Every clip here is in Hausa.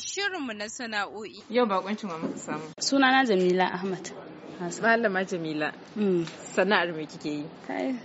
shirinmu na sana'o'i. Yau bakoncin wa muka samu. Sunana Jamila Ahmad. Malama Jamila. Hmm. Sana'ar me kike yi?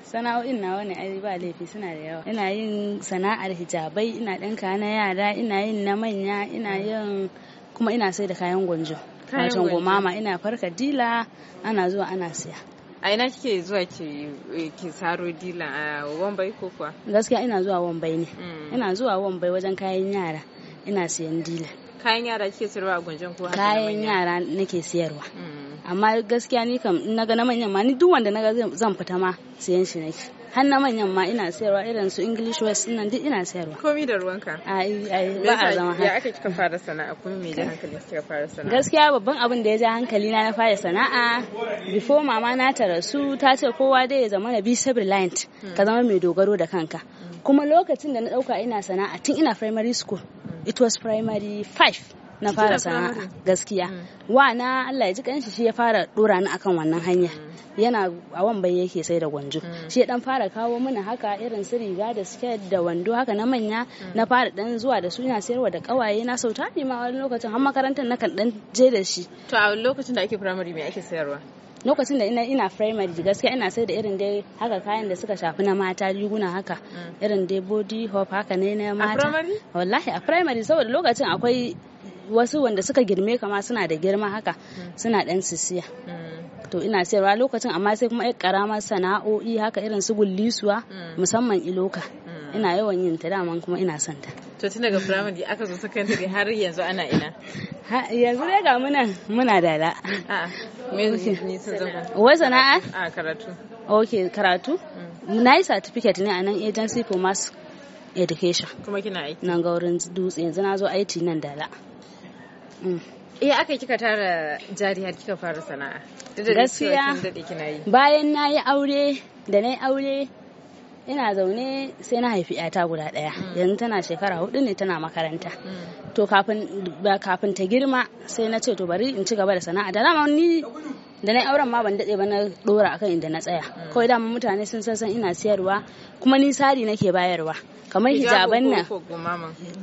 sana'o'in nawa ne ai ba laifi suna da yawa. Ina yin sana'ar hijabai, ina ɗinka na yara, ina yin na manya, ina yin kuma ina sai da kayan gwanjo. Kayan gomama ina farka dila ana zuwa ana siya. a ina kike zuwa ki eh, saro dila a wambai ko kuwa gaskiya ina zuwa wambai ne hmm. ina zuwa wambai wajen kayan yara ina siyan dila kayan yara ke siyarwa a gwanjan ko kayan yara nake siyarwa. Mm. amma gaskiya ni kam na ga na manyan ma ni duk wanda na ga zan fita ma siyan shi nake har na manyan ma ina siyarwa irin su English West nan duk ina siyarwa Komi da ruwanka. a yi ba a zama Ya aka kika fara sana'a kuma me da hankali kika fara sana'a? Gaskiya babban abin da ya ja hankali na na fara sana'a before mama na ta rasu ta ce kowa dai ya zama na be self reliant ka mm. zama mai dogaro da kanka. Mm. Kuma lokacin da na dauka ina sana'a tun ina primary school. it was primary 5 na fara sana'a gaskiya mm. wa na Allah ya ji kanshi shi ya fara dora ni akan wannan hanya mm. yana a wan bai yake sai da gwanjo mm. shi ya dan fara kawo mana haka irin su riga da skirt da wando haka na manya na fara dan zuwa da su ina sayarwa da kawaye na sauta ne a wani lokacin har makarantar na kan dan je da shi to a lokacin da ake primary me ake sayarwa lokacin da ina ina primary gaskiya ina sai da irin dai haka kayan da suka shafi na mata riguna haka mm. irin dai body hop haka ne na mata wallahi a primary saboda lokacin akwai wasu wanda suka girme kama suna da girma haka mm. suna dan sisiya mm. to ina sayarwa lokacin amma sai kuma ƙaramar sana'o'i haka irin su gullisuwa musamman iloka ina yawan yin ta daman kuma ina son ta to tun daga firamare aka zo sakandare har yanzu ana ina yanzu dai ga muna muna dala a wai sana'a a karatu Ok, karatu mm. na yi certificate ne a nan agency for mass education kuma kina aiki nan ga wurin dutse yanzu na zo aiki nan dala Iya mm. eh, aka kika tara jari har kika fara sana'a. Gaskiya bayan na yi aure da na yi aure ina zaune sai na haifi yata guda ɗaya mm. yanzu tana shekara hudu ne tana makaranta mm. to kafin ta girma sai na ce to bari in ci gaba da sana'a da dama ni da na auren ma ban daɗe ba na ɗora akan inda na tsaya mm. kawai dama mutane sun san ina siyarwa kuma ni sari nake bayarwa kamar hijaban nan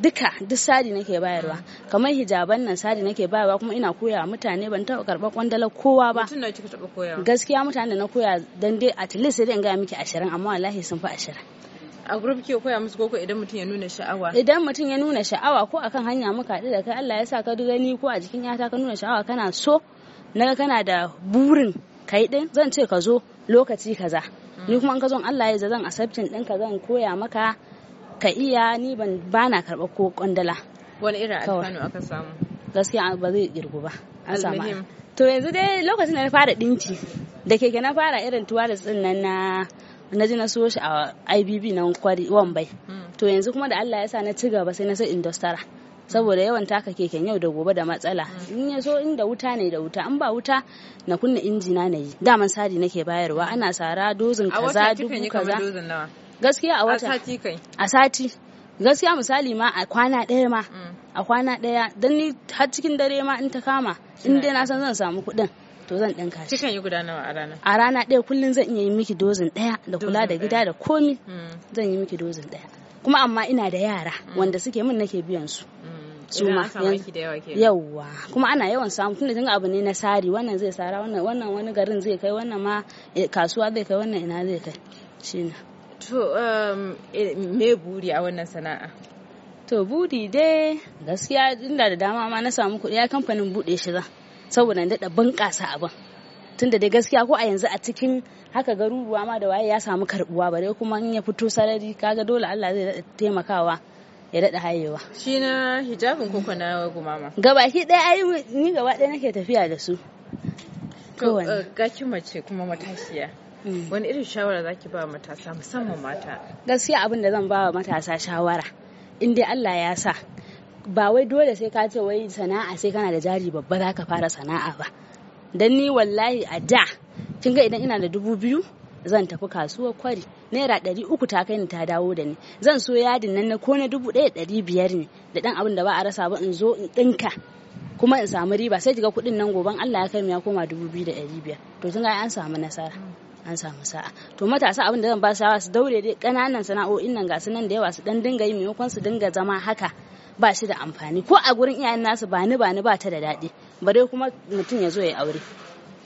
duka duk sari nake bayarwa kamar hijaban nan sari nake bayarwa kuma ina koya mutane ban taɓa karɓar kwandalar kowa ba gaskiya mutane na koya dan dai at least sai in gaya miki ashirin amma wallahi sun fi ashirin a group ke koya musu koko idan mutum ya nuna sha'awa idan mutum ya nuna sha'awa ko akan hanya muka haɗu da kai Allah ya sa ka gani ko a jikin yata ka nuna sha'awa kana so naga kana da burin kai din zan ce ka zo lokaci kaza ni kuma an ka zo Allah ya zan asabtin din ka zan koya maka ka iya ni ban bana karɓa ko kwandala wani irin alfanu aka samu gaskiya ba zai girgu ba an samu to yanzu dai lokacin da na fara ɗinci da keke na fara irin tuwa da tsin nan na na ji na so shi a IBB na kwari wambai hmm. to yanzu kuma da Allah ya sa na ci gaba sai na sai indostara saboda yawan taka keken yau da gobe da matsala in ya so inda wuta ne da wuta an ba wuta na kunna injina na yi daman sari nake bayarwa ana sara dozin kaza dubu kaza gaskiya a wata a sati gaskiya misali ma a kwana daya ma mm. a kwana daya don ni har cikin dare ma in ta kama in dai na san zan samu kuɗin to zan ɗan kashi. Cikin yi guda nawa a rana? A rana ɗaya kullum zan iya yi miki dozin ɗaya da kula da gida da komi mm. zan yi miki dozin ɗaya. Kuma amma ina da yara mm. wanda suke min nake biyan su. su ma yawwa kuma ana yawan samu tunda tun abu ne na sari wannan zai sara wannan wani garin zai kai wannan ma eh, kasuwa zai kai wannan ina zai kai shine to um, eh, me buri a wannan sana'a to buri dai gaskiya inda da dama ma na samu kuɗi ya kamfanin buɗe shi za saboda na daɗa bunƙasa abin da dai gaskiya ko a yanzu a cikin haka garuruwa ma da waye ya samu karbuwa bare kuma in ya fito sarari kaga dole Allah zai taimakawa ya daɗa hayewa. Shi na hijabin koko na gumama? shi ɗaya ayi ni gaba ɗaya nake tafiya da su. To eh, ga ki mace kuma matashiya. Mm. Wani irin shawara za ki ba matasa musamman mata? Gaskiya abin da zan ba wa matasa shawara. In dai Allah ya sa ba wai dole sai ka ce wai sana'a sai kana da jari babba za ka fara sana'a ba. Dan ni wallahi a da kin ga idan ina da dubu biyu zan tafi kasuwar kwari naira ɗari uku ta kai ni ta dawo da ni zan so yadin nan na ko na dubu ɗaya ɗari biyar ne da ɗan abin da ba a rasa ba in zo in ɗinka kuma in samu riba sai ga kuɗin nan goban Allah ya kai mu ya koma dubu biyu da ɗari biyar to tun an samu nasara an samu sa'a to matasa abin da zan ba shawara su daure dai ƙananan sana'o'in nan ga su nan da yawa su dan dinga yi maimakon su dinga zama haka ba shi da amfani ko a gurin iyayen nasu ba ni ba ni ba ta da daɗi bare kuma mutum ya zo ya aure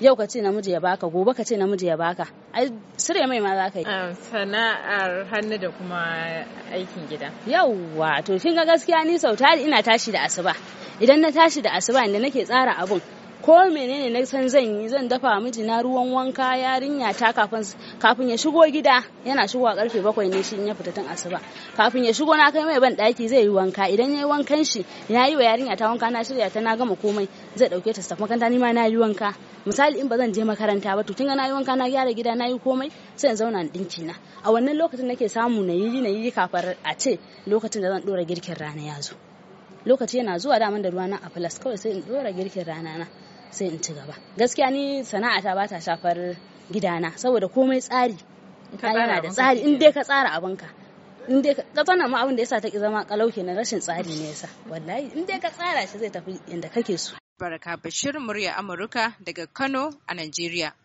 yau ka ce namiji ya baka gobe ka ce namiji ya baka ai mai ma za ka yi sana'ar hannu da kuma aikin gida yauwa to kin ga gaskiya ni sau ina tashi da asuba idan na tashi da asuba inda nake tsara abun ko menene na san zan yi zan dafa mijina ruwan wanka yarinya ta kafin kafin ya shigo gida yana shigo a karfe bakwai ne shi ya fita tun asuba kafin ya shigo na kai mai ban daki zai yi wanka idan yayi wankan shi ya yi wa yarinya ta wanka na shirya ta na gama komai zai dauke ta tafi makaranta ni ma na yi wanka misali in ba zan je makaranta ba to kinga na yi wanka na gyara gida na yi komai sai in zauna dinki na a wannan lokacin nake samu na yi na yi kafar a ce lokacin da zan dora girkin rana ya zo lokaci yana zuwa daman da ruwa na a kawai sai in dora girkin rana na sai in ci gaba gaskiya ni sana'ata ba ta shafar gidana saboda komai tsari yana da tsari in dai ka tsara abinka in dai ka tsana ma abin da yasa take zama kalauke na rashin tsari ne yasa wallahi in dai ka tsara shi zai tafi inda kake so baraka bashir murya amurka daga kano a najeriya